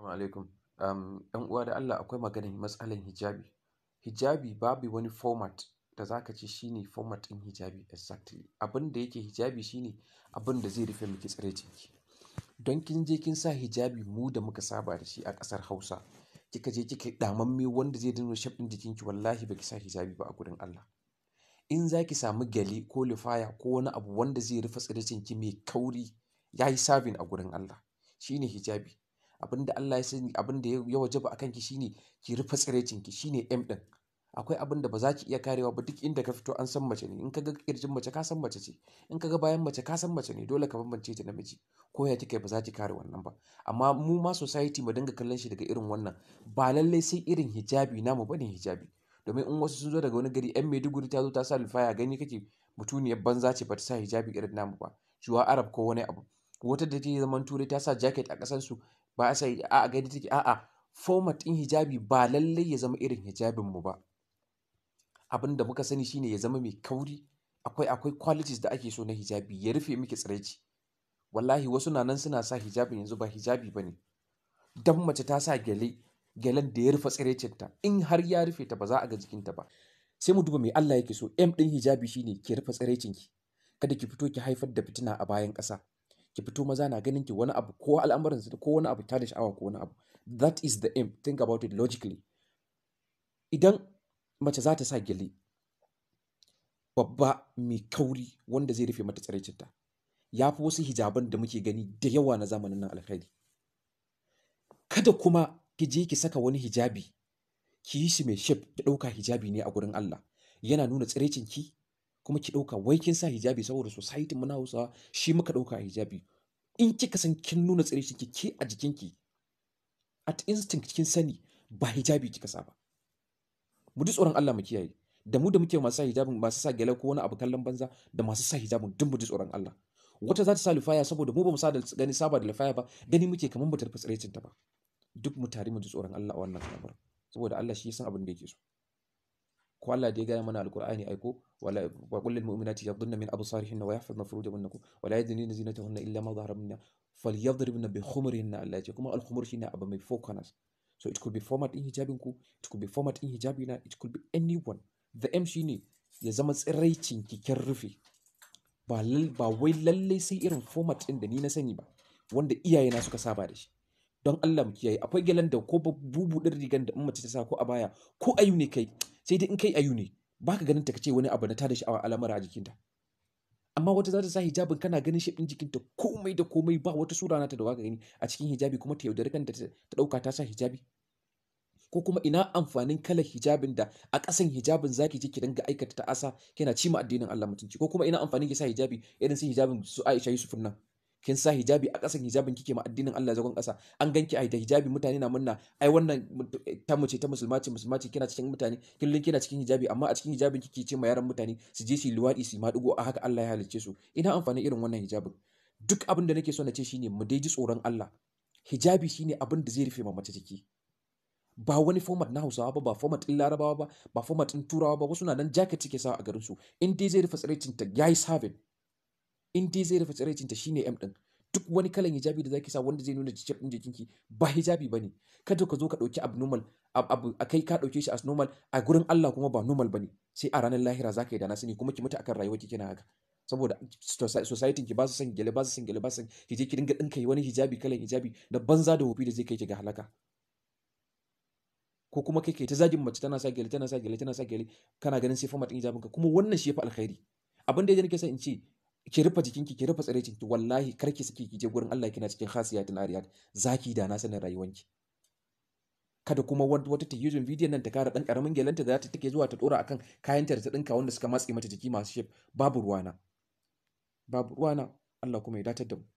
Assalamu alaikum. Um, ‘yan uwa da Allah akwai maganin matsalar hijabi. Hijabi babu wani format da za ka ce shi ne format ɗin hijabi exactly. Abin da yake hijabi shi ne abin da zai rufe miki tsiraicinki. Don kin je kin sa hijabi mu da muka saba da shi a ƙasar Hausa, kika je kika ɗamamme wanda zai dinga shaf jikin jikinki wallahi baki sa hijabi ba a gurin Allah. In za ki samu gyale ko lifaya ko wani abu wanda zai rufe tsiraicinki mai kauri ya yi sabin a gurin Allah. Shi ne hijabi. abin da Allah ya sani abin da ya wajaba a kanki shine ki rufe tsirecin ki shine M din akwai abin da ba za ki iya karewa ba duk inda ka fito an san mace ne in ka ga kirjin mace ka san mace ce in ka ga bayan mace ka san mace ne dole ka bambance ta namiji ko ya kika ba za ki kare wannan ba amma mu ma society mu dinga kallon shi daga irin wannan ba lallai sai irin hijabi namu bane hijabi domin in wasu sun zo daga wani gari yan maiduguri ta zo ta sa lufaya gani kake mutuniyar banza ce ba ta sa hijabi irin namu ba shuwa arab ko wani abu wata da ta zaman turai ta sa jacket a ƙasar su ba a sai a'a gani take a'a format ɗin hijabi ba lallai ya zama irin hijabin mu ba abin da muka sani shine ya zama mai kauri akwai akwai qualities da ake so na hijabi ya rufe miki tsiraici wallahi wasu na nan suna sa hijabin yanzu ba hijabi bane dan mace ta sa gele gyalen da ya rufe ta in har ya rufe ta ba za a ga jikin ta ba sai mu duba mai Allah yake so M din hijabi shine ki rufe ki kada ki fito ki haifar da fitina a bayan ƙasa ki fito maza na ganin ki wani abu ko al'amuran ko wani abu ta da sha'awa ko wani abu that is the aim think about it logically idan mace za ta sa gyale babba mai kauri wanda zai rufe mata tsiraicinta ya fi wasu hijaban da muke gani da yawa na zamanin nan alkhairi kada kuma ki je ki saka wani hijabi ki yi shi mai shif ki ɗauka hijabi ne a gurin Allah yana nuna tsiraicinki kuma ki ɗauka wai kin sa hijabi saboda society muna hausawa shi muka ɗauka a hijabi in kika san kin nuna tsare shi ke a jikinki at instinct kin sani ba hijabi kika sa ba mu ji tsoron Allah mu kiyaye da mu da muke masu sa hijabin masu sa gyale ko wani abu kallon banza da masu sa hijabin duk mu ji tsoron Allah wata za ta sa lufaya saboda mu ba mu sa da gani saba da lufaya ba gani muke kaman ba ta rufe ta ba duk mu tare mu ji tsoron Allah a wannan kamar saboda Allah shi ya san abin da yake so ko Allah da ya gaya mana alkur'ani aiko ولا وقل للمؤمنات يغضن من ابصارهن ويحفظن فروجهن ولا يدنين زينتهن الا ما ظهر منها فليضربن بخمرهن Allah ya ce kuma al-khumur shine abu mai four so it could be format in hijabin it could be format in hijabi it could be anyone the aim shine ya zama tsiraicin kikin rufe ba ba wai lalle sai irin format din da ni na sani ba wanda iyayena suka saba da shi don Allah mu kiyaye akwai gelan da ko bubu din rigan da in mace ta sa ko a baya ko ayu ne kai sai dai in kai ayu ne ba ka ganin ta kace wani abu na tada sha'awa al'amura a jikinta amma wata za sa hijabin kana ganin shi jikinta komai da komai ba wata sura nata da waka gani a cikin hijabi kuma ta yaudari kanta ta ɗauka ta sa hijabi ko kuma ina amfanin kalar hijabin da a ƙasan hijabin zaki je ki dinga aikata ta'asa kina cima addinin Allah mutunci ko kuma ina amfanin ki sa hijabi irin su hijabin su Aisha Yusuf nan kin sa hijabi a ƙasan hijabin kike ma addinin Allah zagon ƙasa an ganki a da hijabi mutane na munna ai wannan eh, ta mace ta musulma ce musulma kina cikin mutane kullun kina cikin hijabi amma a cikin hijabin kike ce ma yaran mutane su je su luwadi su dugo a haka Allah ya halicce su ina amfani irin wannan hijabin duk abin da nake so na ce shine mu dai ji tsoron Allah hijabi shine abin da zai rufe ma mace ciki ba wani format na hausawa ba ba format din larabawa ba ba format ɗin turawa ba wasu na nan jacket suke sawa a garin su. in dai zai rufe tsiraicin ta yayi sabin in dai zai rufe tsiraicinta shine M din duk wani kalan hijabi da zaki sa wanda zai nuna jikir din jikinki ba hijabi bane kada ka zo ka dauki abnormal abu kai ka dauke shi as normal a gurin Allah kuma ba normal bane sai a ranar lahira zaka yi da nasini kuma ki mutu akan rayuwarki kina haka saboda society ki ba su san gele ba su san gele ba su san hije ki dinga dinka yi wani hijabi kalan hijabi da banza da wofi da zai kai ki ga halaka ko kuma kai kai ta zagin mace tana sa gele tana sa gele tana sa gele kana ganin sai fa matin hijabinka kuma wannan shi ya fa alkhairi abin da yake nake sa in ce ki rufe jikinki ki rufe tsare ki wallahi kar ki saki ki je gurin Allah kina cikin khasiyatin ariyat zaki da na sanin rayuwanki kada kuma wata ta yuzin bidiyon nan ta kara dan karamin gelanta da ta take zuwa ta dora akan kayanta da ta dinka wanda suka matsi mata jiki masu shef babu ruwana babu ruwana Allah kuma ya datar da mu